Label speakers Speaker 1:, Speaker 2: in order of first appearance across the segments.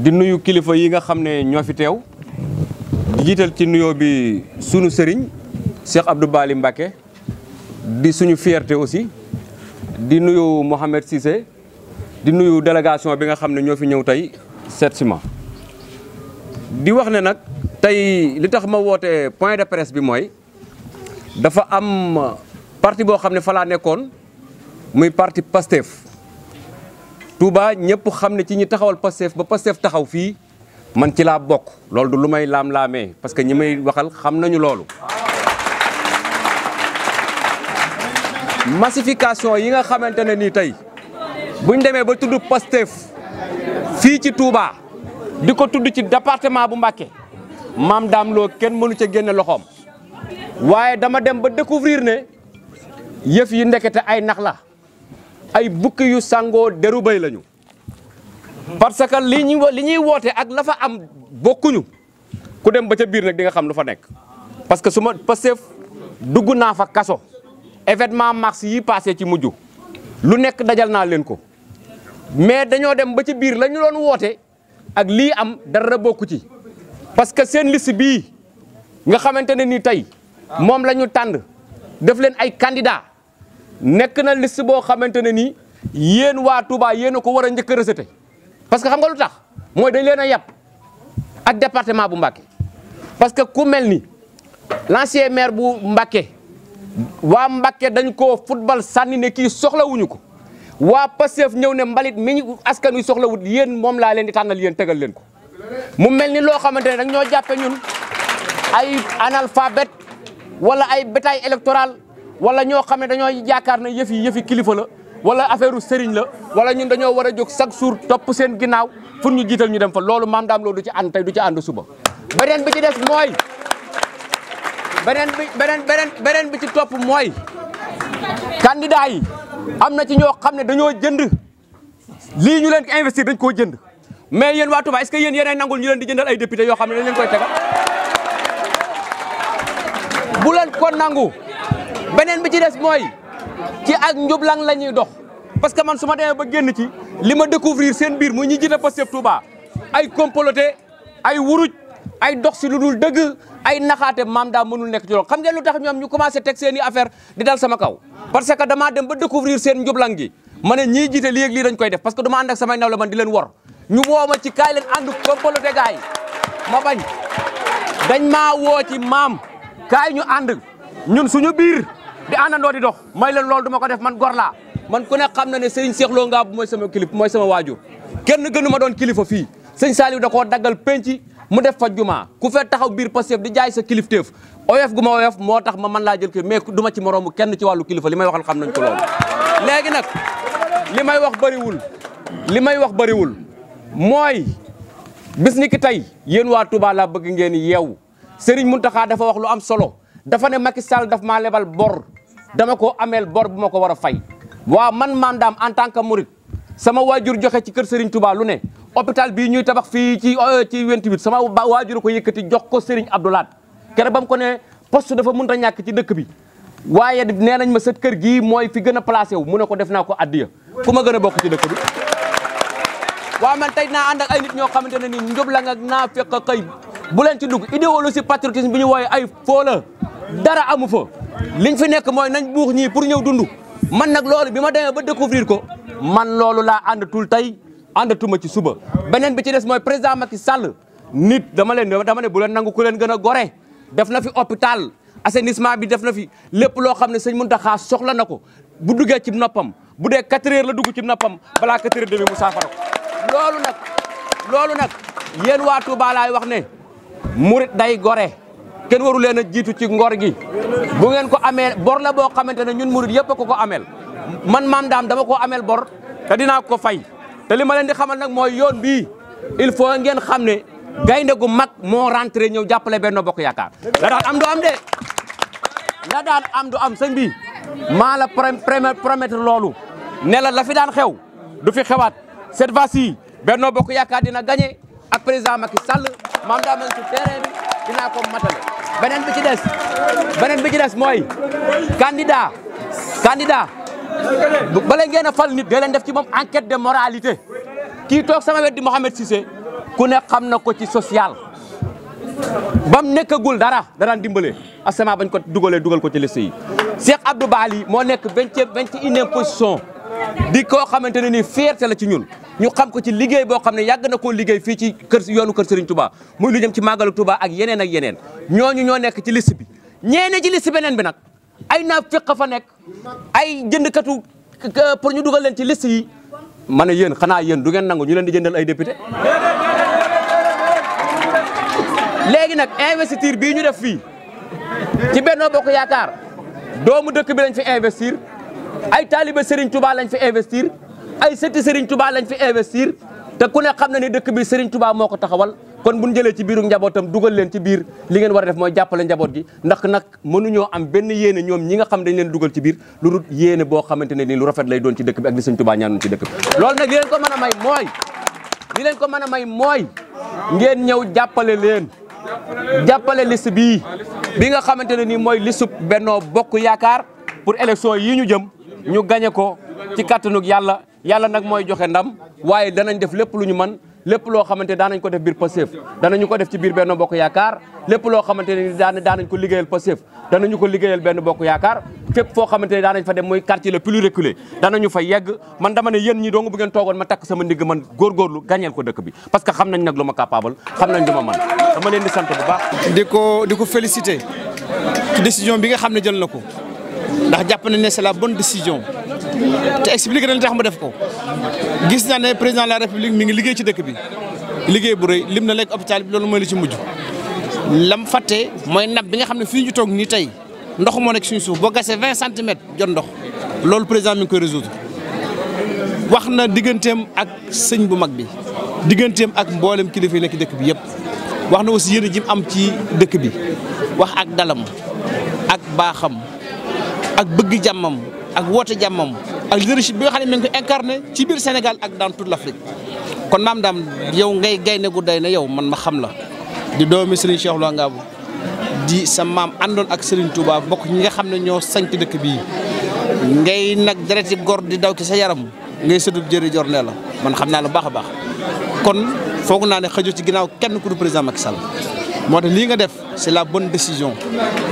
Speaker 1: di nuyu kilifa yi nga xam ne ñoo fi teew jiital ci nuyoo bi sunu sëriñ Cheikh Abdou Bali Mbacké di suñu fierte aussi di nuyu Mohamed sise di nuyu délégation bi nga xam ne ñoo fi ñëw tey seet si ma di wax ne nag tey li tax ma woote point de presse bi mooy dafa am parti boo xam ne falaa nekkoon muy parti Pastef Touba ñëpp xam ne ci ñi taxawal Pastef ba Pastef taxaw fii man ci laa bokk loolu du lu may laam laame parce que ñi may waxal xam nañu loolu. massification yi nga xamante ne nii tey buñ demee ba tudd Pastef fii ci Touba di ko tudd ci département bu Mbacké maam daam loo kenn mënu ca génne loxoom waaye dama dem ba découvrir ne yëf yi ndekete ay nax la. ay bukki yu sangoo deru bay lañu parce que li ñu li ñuy woote ak lafa am bokkuñu ku dem ba ca biir nag di nga xam lu fa nekk parce que su ma Pastef dugg naa fa kaso événement mars yi passé ci mujj lu nekk dajal naa leen ko mais dañoo dem ba ci biir la ñu doon woote ak lii am dara bokku ci parce que seen liste bii nga xamante ne ni tey moom la ñu tànn def leen ay candidat nekk na liste boo xamante ne nii yéen waa Touba yéen a ko war a njëkk parce que xam nga lu tax mooy dañ leen a yàpp ak département bu Mbacké parce que ku mel ni l'ancien maire bu Mbacké waa Mbacké dañ ko football sànni ne kii soxlawuñu ko waa Pastef ñëw ne mbalit mi ñu askan wi soxlawut yéen moom laa leen di tànnal yéen tegal leen ko mu mel ni loo xamante ne dañ ñoo jàppe ñun ay analphabète wala ay bétail électoral wala ñoo xam ne dañoo yaakaar ne yëf yi yëfi kilifa la wala affaire sëriñ la wala ñun dañoo war a jóg chaque jour topp seen ginnaaw pour ñu jiital ñu dem fa loolu maam daam loolu du ci ànd tey du ci ànd suba. beneen bi ci des mooy beneen bi beneen beneen beneen bi ci topp mooy candidat yi am na ci ñoo xam ne dañoo jënd lii ñu leen ko dañ koo jënd mais yen waatu Touba est-ce que yéen yéenay nangul ñu leen di jëndal ay député yoo xam ne dañ leen koy tegal bu leen ko nangu. beneen bi ci des mooy ci ak njublang la ñuy dox parce que man su ma demee ba génn ci li ma découvrir seen biir mu ñi jiite Pastef Touba ay comploté ay wuruj ay dox si lu dul dëgg ay naxaate maam daa mënul nekk ci loolu xam ngeen lu tax ñoom ñu commencé teg seen i affaire di dal sama kaw parce que damaa dem ba découvrir seen njublang gi ma ne ñii jiite lii ak lii koy def parce que dama ànd ak samay nawle man di leen wor ñu woo ma ci kaay leen ànd comploté gaay ma woo ci maam kaay ñu ànd ñun suñu biir di àndandoo di dox may leen loolu du ma ko def man gor laa man ku ne xam na ne Serigne Cheikh Lo Ngabou mooy sama kilif mooy sama waajur kenn gënu ma doon kilifa fii sëñ Saliou da koo daggal penc mu def fa jumaa ku fet taxaw biir Pastef di jaay sa kilifteef oyof gu ma oyof moo tax ma man laa jël kii mais du ma ci moroomu kenn ci wàllu kilifa li may waxal xam nañ ko loolu léegi nag li may wax bëriwul li may wax bëriwul mooy bis ni tey yéen waa Touba laa bëgg ngeen yeewu Serigne Mountakha dafa wax lu am solo dafa ne Macky Sall daf maa lebal bor dama ko ameel bor bu ma ko war a fay waaw man mandaam en tant que murid sama waajur joxe ci kër Serigne Touba lu ne hôpital bii ñuy tabax fii ci euh, ci 28 sama waajur ko yëkkati jox ko sëriñ Abdoulaat kere ba mu ko ne poste dafa mënut a ñàkk ci dëkk bi waaye nee nañ ma sa kër gi mooy fi gën a placé wu mu ne ko def naa ko addiya fu ma gën a bokk ci dëkk bi waaw man tey naa ànd ay nit ñoo xamante ne nii njóob la nga naa fekk kay bu leen ci dugg idéologie patriotisme bi ñu wooye ay foo la amu fa liñ fi nekk mooy nañ buux ñii pour ñëw dund man nag loolu bi ma demee ba découvrir ko man loolu laa àndatul tey àndatuma ci suba beneen bi ci des mooy président Macky Sall nit dama leen dama ne bu leen nangu ko leen gën a gore def na fi hôpital assainissement bi def na fi lépp loo xam ne sëñ Mountakha soxla na ko bu duggee ci noppam bu dee 4 la dugg ci noppam balaa 4 heures demi mu saafara loolu nag loolu nag yéen waa Touba laay wax ne murit day gore kenn waru leen a jiitu ci ngor gi bu ngeen ko amee bor la boo xamante ne ñun murid yëpp ko ko ameel man maam daam dama ko ameel bor te dinaa ko fay te li ma leen di xamal nag mooy yoon bii il faut ngeen xam ne gaynde gu mag moo rentré ñëw jàppale Benno Bokk Yaakaar la daan am du am de la daan am sëñ bi maa la promettre loolu ne la la fi daan xew du fi xewaat cette fois-ci Benno Bokk Yaakaar dina gagné ak président Macky Sall maam daa man ci terrain bi ko matale beneen bi ci des beneen bi ci des mooy candidat candidat bala ngeen a fal nit da leen def ci moom enquête de moralité kii toog sama wet di Mouhamed Cissé ku nekk xam na ko ci social bam nekkagul dara danaan dimbale sama bañ ko dugalee dugal ko ci liste yi Cheikh Abdou Bali moo nekk vingt vingt et unième position di koo xamante ne nii fierté la ci ñun ñu xam ko ci liggéey boo xam ne yàgg na koo liggéey fii ci kër yoonu kër Serigne Touba muy lu jëm ci màggalu Touba ak yeneen ak yeneen ñooñu ñoo nekk ci liste bi ñeene ci liste beneen bi nag ay naa fekk fa nekk ay jëndkatu pour ñu dugal leen ci liste yi ma ne yéen xanaa yéen du ngeen nangu ñu leen di jëndal ay député léegi nag investiture bii ñu def fii ci Benno Bokk Yaakaar doomu dëkk bi lañ fi investir ay taalibe sëriñ tubaa lañ fi investir ay sëti Serigne Touba lañ fi investir te ku ne xam ne ne dëkk bi Serigne Touba moo ko taxawal kon bu ñu jëlee ci biiru njabootam dugal leen ci biir li ngeen war a def mooy jàppale njaboot gi ndax nag mënuñoo am benn yéene ñoom ñi nga xam dañ leen dugal ci biir lu dul yéene boo xamante ne nii lu rafet lay doon ci dëkk bi ak li Serigne Touba ñaanoon ci loolu nag li leen ko mën a ko mën a may mooy ngeen ñëw jàppale leen jàppale liste bii bi nga xamante ne nii mooy liste Benno Bokk Yaakaar pour élection yi ñu jëm ñu gañe ko ci kàttanug yàlla yàlla nag mooy joxe ndam waaye danañ def lépp lu ñu mën lépp loo xamante daanañ ko def biir Pastef danañu ko def ci biir benn bokk yaakaar lépp loo xamante ne daan daanañ ko liggéeyal Pastef danañu ko liggéeyal benn bokk yaakaar fépp foo xamante ne daanañ fa dem mooy quartier le plus reculé danañu fa yegg man dama ne yéen ñi dong bu ngeen toogoon ma takk sama ndigg man góorgóorlu gañeel ko dëkk bi parce que xam nañ nag lu ma capable xam nañ lu ma man dama leen di sant bu
Speaker 2: di ko di décision bi nga xam ne jël na ko ndax jàpp nañ ne c'est la bonne décision te expliqué na tax mu def ko gis naa ne président de la république mi ngi liggéey ci dëkk bi liggéey bu rëy lim na lekk hôpital bi loolu mooy li ci mujj lam fàtte mooy nab bi nga xam ne fii ñu toog nii tey ndox moo nekk suñu suuf boo gasee vingt centimètres jot ndox loolu président mi ngi koy résoudre wax na digganteem ak sëñ bu mag bi digganteem ak mboolem kilifa yi nekk dëkk bi yëpp wax na aussi yéen ji am ci dëkk bi wax ak dalam ak baaxam ak bëgg jàmmam ak woote jàmmam ak leadership bi nga xam ne ko incarné ci biir Sénégal ak dans toute l'Afrique kon maam daam yow ngay gaynde gu day na yow man ma xam la di doomi Serigne Cheikh Lo Ngabou di sa maam àndoon ak Serigne Touba bokk ñi nga xam ne ñoo sanc dëkk bii ngay nag dereti gor di daw ci sa yaram ngay sëtub jëri jor ne la man xam naa lu baax a baax kon foog naa ne xëju ci ginnaaw kenn ku du président Macky Sall moo tax lii nga def c'est la bonne décision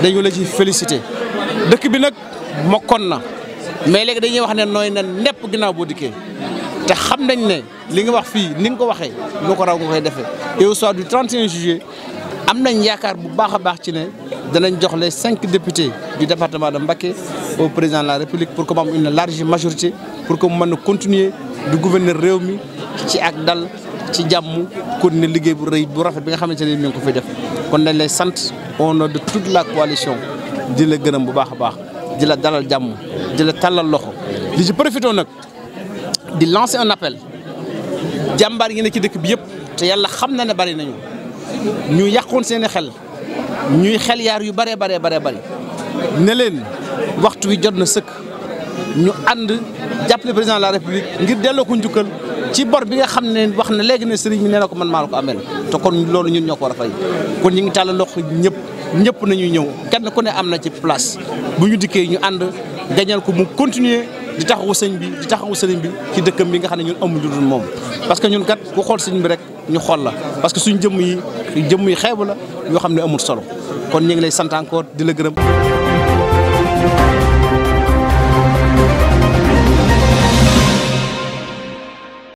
Speaker 2: dañu la ci dëkk bi nag mokkoon na mais léegi dañuy wax ne nooy na nepp ginnaaw boo dikkee te xam nañ ne li nga wax fii ni nga ko waxee lu ko raw nga koy defee et au soir en 31 am nañ yaakaar bu baax a baax ci ne danañ jox les cinq députés du département de Mbacké au président de la République pour que mu am une large majorité pour que mu mën a continuer du gouverner réew mi ci ak dal ci jàmm kon ne liggéey bu rëy bu rafet bi nga xamante ne mi ngi ko fay def kon dañ lay sant au nom de toute la coalition di la gërëm bu baax a baax. di la dalal jàmm di la tàllal loxo li ci profité nag di lancer en appel jàmbaar yi ne ci dëkk bi yëpp te yàlla xam na ne bari nañu ñu yàqoon seeni xel ñuy xel yaar yu bëree baree baree bëri ne leen waxtu wi jot na sëkk ñu ànd jàppale président de la république ngir delloo ko njukkal ci bor bi nga xam ne wax na léegi ne sëriñ bi nee na ko man maa la ko amel te kon loolu ñun ñoo ko war kon ñu ngi tàllal loxo ñëpp. ñëpp nañu ñëw kenn ku ne am na ci place bu ñu dikkee ñu ànd gañal ko mu continuer di taxawu sëñ bi di taxawu sëriñ bi ci dëkkam bi nga xam ne ñun amuñu dul moom parce que ñun kat ku xool sëñ bi rek ñu xool la parce que suñ jëmm yi jëmm yi xeebu la ñoo xam ne amul solo kon ñu ngi lay sant encore di la gërëm